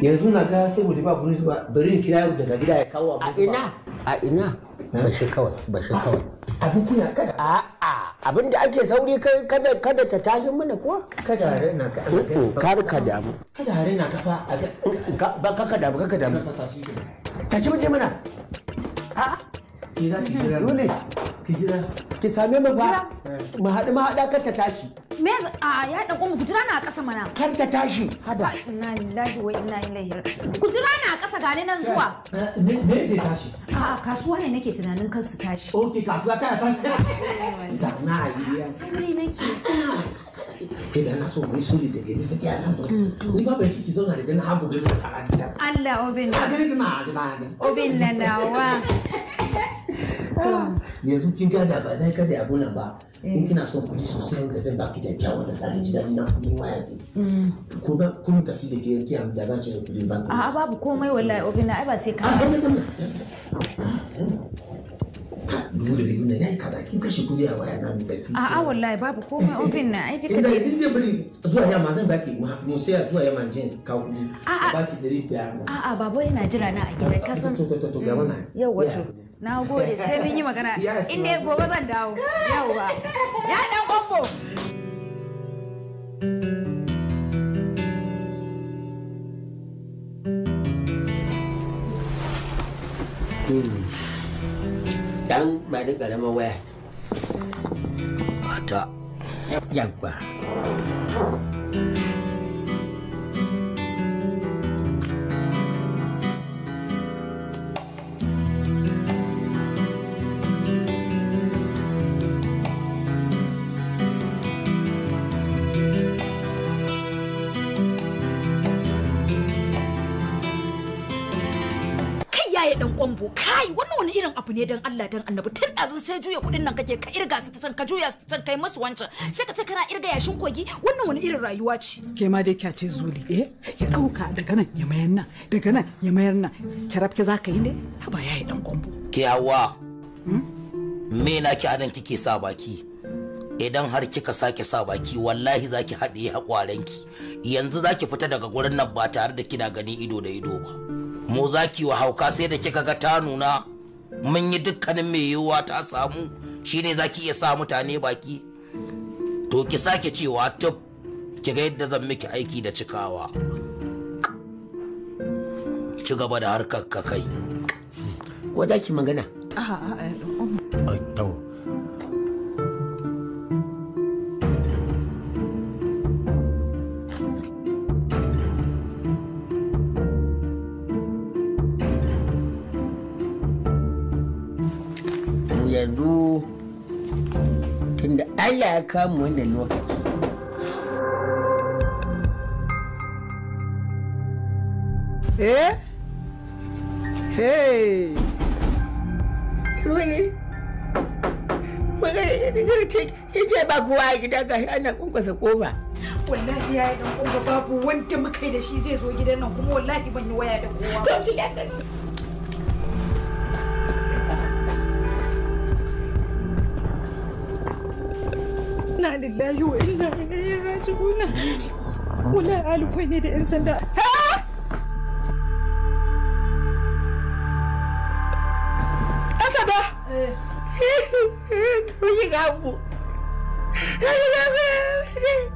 yanzu na ga saboda ba kuni zuwa bari in kira daga gida ya kawo abu a ina a ina eh? ba shi kawai ba shi kawai abu kuna kada a a abin da ake sauri kai kada kada ta tashi mana ko kada hare na ka kar ka damu kada hare na ka fa ba ka ka damu ka ka damu tashi ta je mana a Kira ki jira dole. Ki Ki same mu fa. Mu haɗu mu haɗa kar ta tashi. Me a ya dan ku jira na ƙasa mana. Kar ta tashi. Hada. Inna lillahi wa inna ilaihi raji'un. Ku na ƙasa gane nan zuwa. Eh, eh, me zai tashi? A kasuwa ne nake tunanin kar su tashi. Okay kasuwa kana tashi. Zanna a gidiya. Sauri nake. ke da na so mai shiri da gani sake a nan ni ba bai kiki zauna da gani hagu gani a karatu Allah obin na gani kina a gida obin na lawa yanzu kin da ba dan kada abu nan ba in eh. kina son kuɗi sosai wanda zan baki da kyawu da zaki ji daɗi na kuɗin waya ke mm. kuma kun tafi da ke kiyan da zaki da kuɗin banki a'a babu komai wallahi obina ai ba sai ka ah, dubu da biyu na yayi kada kin kashe kuɗi a waya na da a'a wallahi babu komai obin na ai duka ne in bari zuwa yamma zan baki mu sai zuwa yamma je ka kuɗi baki dari biyar a'a babo yana jira na a ah, to to to ga mana mm. yau wato na gode sai mun yi magana inda gobe zan dawo yauwa ya dan kwambo dan bari karamar waya wata yagba kwambo kai wannan wani irin abu ne dan Allah dan annabi tun ɗazun sai juya kuɗin nan kake ka irga su ta can ka juya su ta can kai masu wancan sai ka ce kana irga yashin kogi wannan wani irin rayuwa ce ke ma dai kya ce zuli eh ya ɗauka daga nan ya mayar nan daga nan ya mayar nan carabke za ka yi ne haba yayi dan kwambo kiyawa hmm? me na ki adan kike sa baki idan har kika sake sa baki wallahi zaki haɗe haƙwarenki yanzu zaki fita daga gurin nan ba tare da kina gani ido da ido ba mu zaki wa hauka sai da kika ga ta nuna mun yi dukkanin mai yiwuwa ta samu shine ki iya sa mutane baki to ki sake cewa tuf ki ga yadda zan miki aiki da cikawa ci gaba da harkar ka kai ko za ki magana a'a yanzu tunda allah ya kamu wannan lokaci eh hey ya ce ba kuwa a gida ga shi ana kunkwasa kofa wallahi ya yi dan babu wanda muka yi da shi zai zo gidan nan kuma wallahi ban yi waya da kowa to ki inna lillahi wa inna ilaihi raji'un da yan sanda asada